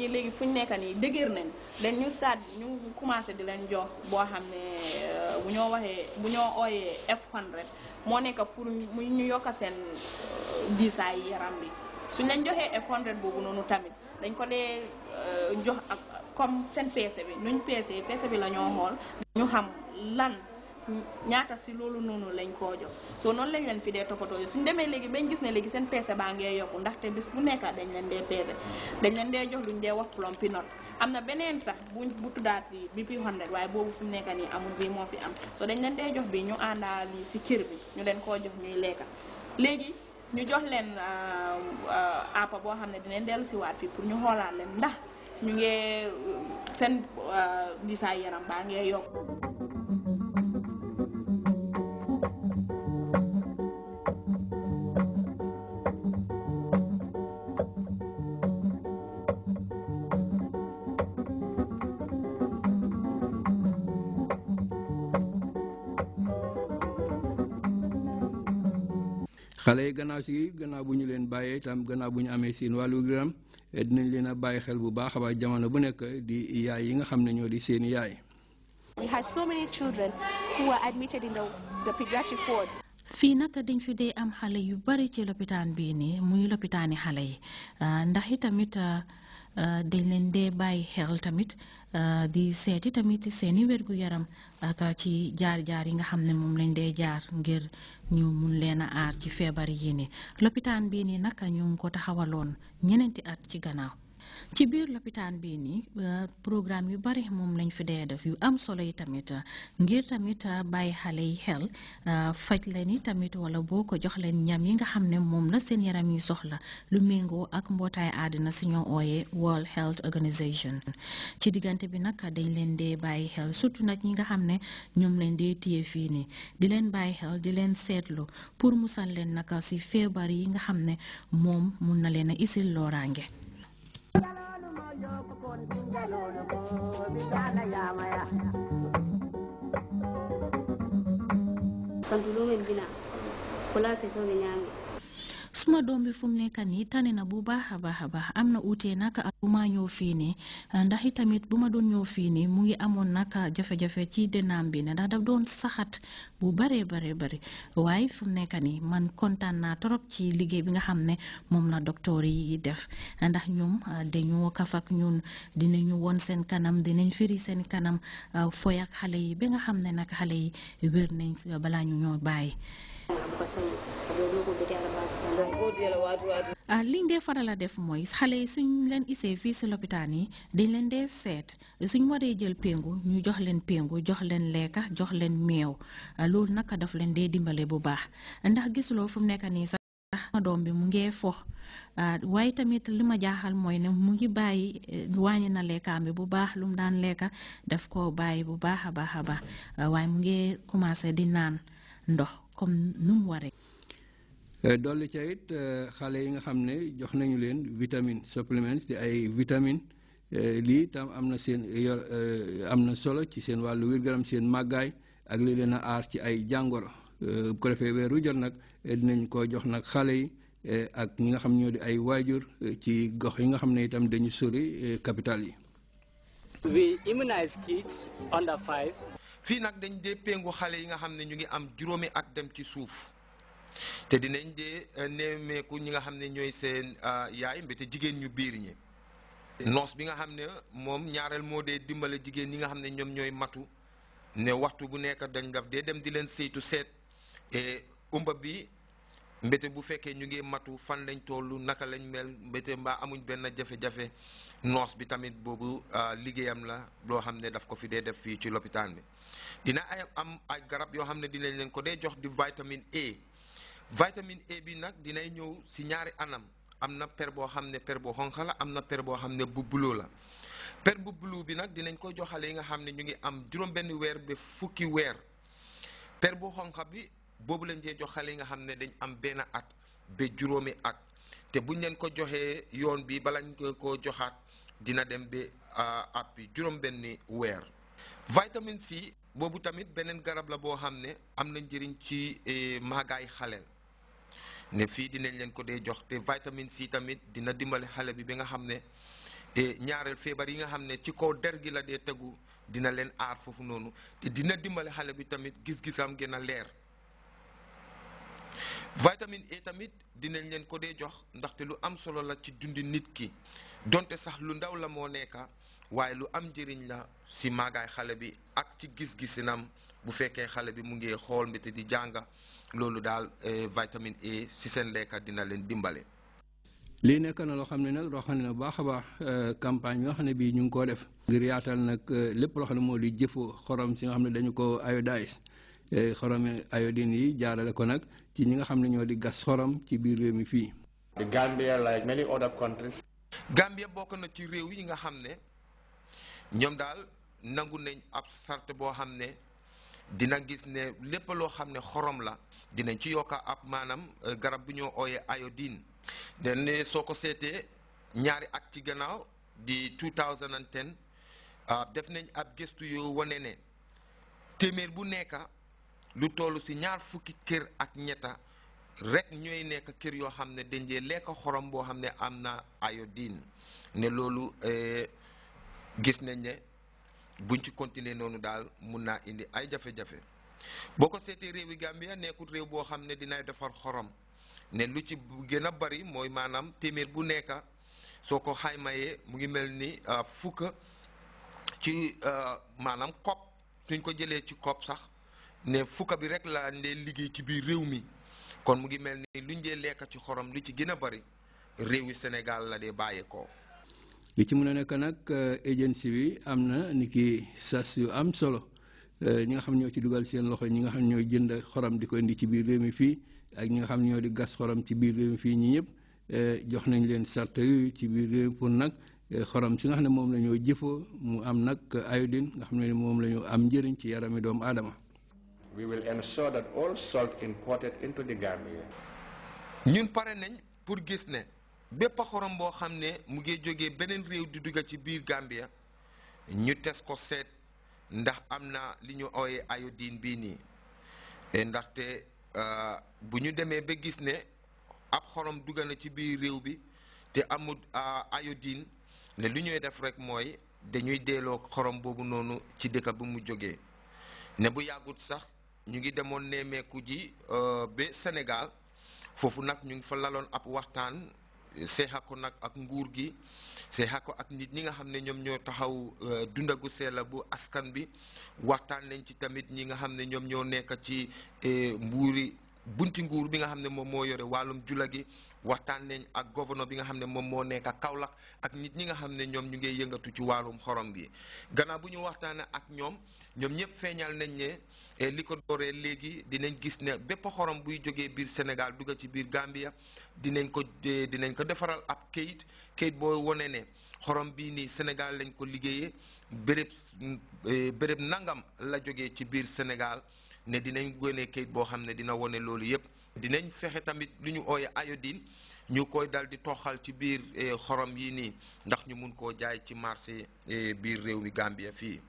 ñi léegi fu ñu nekk nii dëgër nañ leen ñu stade ñu commencé di leen jox boo xam ne euh, bu ñoo waxee bu ñoo ooyee F100 moo nekk pour ñu yokk seen euh, diisaay yaram bi suñ leen joxee f boobu noonu tamit dañ ko dee euh, jox ak comme seen peese bi nuñ peese peese bi lañoo mool ñu xam lan ñaata si loolu noonu lañ koo jox soo noonu lañ leen fi dee toppatoo yi suñ demee léegi bañ gis ne léegi seen peese baa ngee yokku ndaxte bis bu nekk dañ leen dee peese dañ leen dee jox luñ dee wax plompinot am na beneen sax bu bu tuddaat bi bi pi 100 waaye boobu fi mu nekk nii amul bii moo am dañ leen dee jox bi ñu àndaal yi si kër bi ñu leen koo jox ñuy lekka léegi ñu jox leen uh, uh, appa boo xam ne dinañ dellu si waat fii pour ñu xoolaat leen ndax ñu ngee uh, seen disaay yaram baa ngee yokku xale yi gannaaw si gannaaw bu ñu leen bàyyee tam gannaaw bu ñu amee seen wàllu yaram eh, dinañ leen a bàyyi xel bu baax a baax jamono bu nekk di yaay yi nga xam ne ñoo di seeni yaay. We fii nag dañ fi dee am xale yu bari ci lopitaan bii nii muy lopitaani xale yi ah, ndax itamit ah, Euh, dañ leen dee bàyyi xel tamit euh, di seeti tamit seeni wérgu yaram ak euh, ci jaar-jaar yi nga xam ne moom lañ de jaar ngir ñu mun leen a aar ci feebar yi nii lopitaan bii nii nag ñu ngi ko taxawaloon ñeneenti at ci gannaaw. ci biir lopitaan bii nii euh, programme yu bari moom lañ fi dee def yu am solo yi tamit euh, ngir tamit euh, bàyyi xale yi xel faj leen yi tamit wala boo ko jox leen ñam yi nga xam ne moom la seen yaram yi soxla lu méngoo ak mbootaay àddina si ñoo ooyee World Health Organization ci diggante bi nag dañ leen dee bàyyi xel surtout nag ñi nga xam ne ñoom leen dee téye fii nii di leen bàyyi xel di leen seetlu pour musal leen naka si feebar yi nga xam ne moom mun na leen a isil looraange Kantulo me bina, kola se so be nyami. suma doom bi fu mu nekk nii tane na bu baax a baax a baax am na uutee nag ak bu ma ñëw fii nii ndax tamit bu ma doon ñëw fii nii mu ngi amoon nag jafe-jafe ci dënnaam bi ne ndax daf doon saxat bu baree baree bari waaye fu mu nekk nii man kontaan naa trop ci liggéey bi nga xam ne moom la docteur yi def ndax ñoom ah, dañoo kaf ak dina dinañu won seen kanam dinañ firi seen kanam ah, foy xale yi ba nga xam ne nag xale yi wér nañ balaa ñu ñoo bàyyi. ko sëñ ah, liñ dee faral a def mooy xale suñ leen isee fii si loppitaan yi dañ leen dee seet suñ waree jël péngu ñu jox leen péngu jox leen lekka jox leen meew ah, loolu naka daf leen dee dimbale bu baax ndax gisuloo fum mu nekk nii sax ma doom bi mu ngee fo ah, waaye tamit li ma jaaxal mooy ne mu ngi bàyyi eh, wàññi na lekkaam bi bu baax lu daan lekka daf ko bàyyi bu baax a baax a baax waaye mu ngee commencé di naan ndox comme nu mu waree. Eh, dolli ca it eh, xale yi nga xam ne jox nañu leen vitamine supplement di ay vitamine eh, lii tam am na seen yor am na solo ci seen wàllu wér gu seen màggaay ak li leen a aar ci ay jàngoro bu ko defee weeru jot nag dinañ ko jox nag xale yi ak ñi nga xam ñoo di ay waajur ci gox yi nga xam ne itam dañu sori capital yi. We immunize kids under five. fii nag dañ dee péngu xale yi nga xam ne ñu ngi am juróomi ak dem ci suuf te dinañ dee euh, nemmeeku ñi nga xam ne ñooy seen euh, yaay mbete jigéen ñu biir ñi noos bi nga xam ne moom ñaareel moo dee dimbale jigéen ñi nga xam ne ñoom ñooy matu ne waxtu bu nekk dañ daf dee dem di leen saytu seet umba bi mbéte bu fekkee ñu ngi matu fan lañ toll naka lañ mel mbéte mbaa amuñ benn jafe-jafe noos bi tamit boobu euh, liggéeyam la loo xam ne daf ko fi dee def fii ci lopitaan bi dina ay am ay garab yoo xam ne dinañ leen ko dee jox di vitamine A bi nag dinay ñëw si ñaari anam am na per boo xam ne per bu xonq la am na per boo xam ne bu buloo la per bu buloo bi nag dinañ ko joxale yi nga xam ne ñu ngi am juróom benn weer ba fukki weer per bu xonq bi boobu lañ dee jox xale yi nga xam ne dañ am benn at ba juróomi at te buñ leen ko joxee yoon bi balañ ko koo joxaat dina dem ba appi juróom-benni weer. vitamine C boobu tamit beneen garab la boo xam ne am na njëriñ ci e, maagaay xale ne fii dinañ leen ko dee jox te vitamine tamit dina dimbale xale bi bi nga xam ne e, ñaareel feebar yi nga xam ne ci kaw der gi la dee tegu dina leen aar foofu noonu te dina dimbale xale bi tamit gis-gisam gën a leer. vitamine E tamit dinañ leen ko dee jox ndaxte lu am solo la ci dundi nit ki donte sax lu ndaw la moo nekka waaye lu am njëriñ la si maagaay xale bi ak ci gis-gisinam bu fekkee xale bi mu ngi xool mbete di jànga loolu daal eh, vitamine E si seen lekka dina leen dimbale. lii nekk na loo xam ne nag loo xam ne baax a baax eh, campagne bi xam ne bii ñu ngi ko def. ngir yaatal nag eh, lépp loo xam ne moo di jëfu xorom si nga xam ne dañu ko iodise Eh, xoromi ayodin yi jaarale ko nag ci ñi nga xam ne ñoo di gas xorom ci biir réew mi fii. Gambia like many other countries. Gambia bokk na ci réew yi nga xam ne ñoom daal nangu nañ ab sart boo xam ne dina gis ne lépp loo xam ne xorom la dinañ ci yokk ab maanaam eh, garab bu ñoo ooyee iodine ne soo ko seetee ñaari at ci gannaaw di 2010 ah, def nañ ab gëstu yu wane ne téeméer bu nekka lu toll si ñaar fukki kër ak ñetta rek ñooy nekk kër yoo xam ne dañ dee lekk xorom boo xam ne am na iodine ne loolu eh, gis nañ ne buñ ci continuer noonu daal mun naa indi ay jafe-jafe boo ko seetee réewi Gambia nekkut réew boo xam ne dina defar xorom ne lu ci gën a bari mooy maanaam téeméer bu nekk soo ko xaymayee mu ngi mel ni eh, fukk ci eh, maanaam kopp suñ ko jëlee ci kopp sax ne fukka bi rek laa ndee liggéey ci biir réew mi kon mu ngi mel ni luñ dee lekk ci xorom lu ci gën a bari réewi Sénégal la dee bàyyeekoo. lu ci mën a nekk nag eh, agency bi am na ni ki sas yu am solo eh, ñi nga xam ñoo ci dugal seen loxo ñi nga xam ñooy jënd xorom di ko indi ci biir réew mi fii ak ñi nga xam ne ñoo di gas xorom ci biir réew mi fii ñi ñëpp eh, jox nañ leen sart yooyu ci biir réew mi pour nag xorom si nga xam ne moom la ñoo jëfoo mu am nag iodine nga xam ne moom la ñoo am njëriñ ci yarami doomu aadama. we will ensure that all salt imported into the Gambia. ñun pare nañ pour gis ne bépp xorom boo xam ne mu ngi jóge beneen réew di dugg ci biir Gambia ñu tes ko seet ndax am na li ñu ooyee iodine bii nii ndaxte euh, bu ñu demee ba gis ne ab xorom dugg na ci biir réew bi te amul euh, iodine ne lu ñuy def rek mooy dañuy delloo xorom boobu noonu ci dëkk bu mu jógee ne bu yàggut sax. ñu ngi demoon nemmeeku ji euh, ba Sénégal foofu nag ñu ngi fa laloon ab waxtaan seexa nag ak nguur gi seexa ak nit ñi nga xam ne ñoom ñoo taxaw euh, dundagu sela bu askan bi waxtaan nañ ci tamit ñi nga xam ne ñoom ñoo nekk ci euh, mbuuri bunti nguur bi nga xam ne moom moo yore wàllum jula gi waxtaan nañ ak gouverneur bi nga xam ne moom moo nekk Kaolack ak nit ñi nga xam ne ñoom ñu ngi yëngatu ci wàllum xorom bi gannaaw bu ñu waxtaanee ak ñoom ñoom ñëpp feeñal nañ ne eh, li ko dooree léegi dinañ gis ne bépp xorom buy jógee biir Sénégal dugga ci biir Gambia dinañ ko eh, dinañ ko defaral ab kayit kayit boo wone ne xorom bii nii Sénégal lañ ko liggéeyee béréb eh, béréb nangam la jógee ci biir Sénégal. ne dinañ génne kayit boo xam ne dina wone loolu yëpp dinañ fexe tamit lu ñu ooye iodine ñu koy dal di toxal ci biir eh, xorom yi nii ndax ñu mun koo jaay ci marché eh, biir réew mi Gambia fii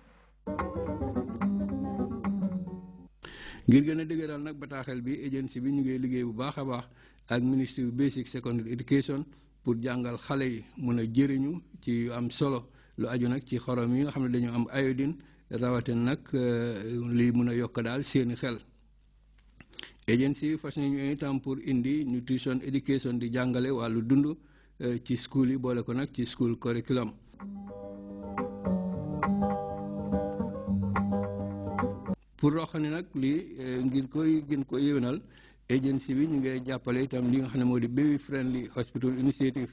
ngir gën a dëgëral nag bataaxel bi agency bi ñu ngi liggéey bu baax a baax ak ministry bu basic secondary education pour jàngal xale yi mun a jëriñu ci yu am solo lu aju nag ci xorom yi nga xam ne dañu am iodine rawatina nag euh, lii mun a yokk daal seeni xel agency fas nañu itam pour indi nutrition education di jàngale wàllu dund euh, ci school yi boole ko nag ci school curriculum pour loo xam ne nag lii euh, ngir koy gën ko yéwénal agency bi ñu ngay jàppale itam li nga xam ne moo di baby friendly hospital initiative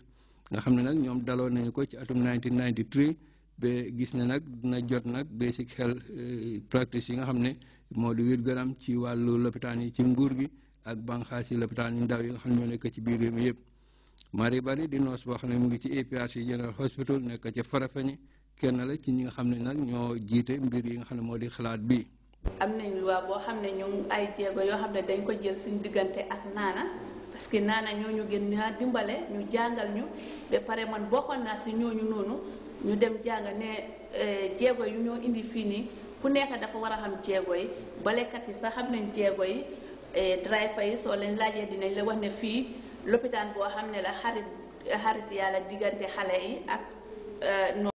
nga xam ne nag ñoom daloon nañu ko ci atum 1993 ba gis ne nag dina jot nag basic health eh, practice yi nga xam ne moo di wér gu ci wàllu lopitaan yi ci nguur gi ak bànqaas yi lopitaan yu ndaw yi nga xam ne ñoo nekk ci biir réew mi yëpp Mari Barry di noos boo xam ne mu ngi ci APRC General Hospital nekk ca Farafenni kenn la ci ñi nga xam ne nag ñoo jiite mbir yi nga xam ne moo di xalaat bi am nañ luwa boo xam ne ñu ay jéego yoo xam ne dañ ko jël suñ diggante ak naana parce que naana ñooñu gën naa dimbale ñu jàngal ñu ba pare man bokkoon naa si ñooñu noonu ñu dem jàng ne euh, jéego yu ñoo indi fii nii ku nekk dafa war a xam jéego yi balekat yi sax xam nañ jéego yi euh, driver yi soo leen laajee dinañ la wax ne fii loppitaan boo xam ne la xarit xarit yàlla diggante xale yi ak euh,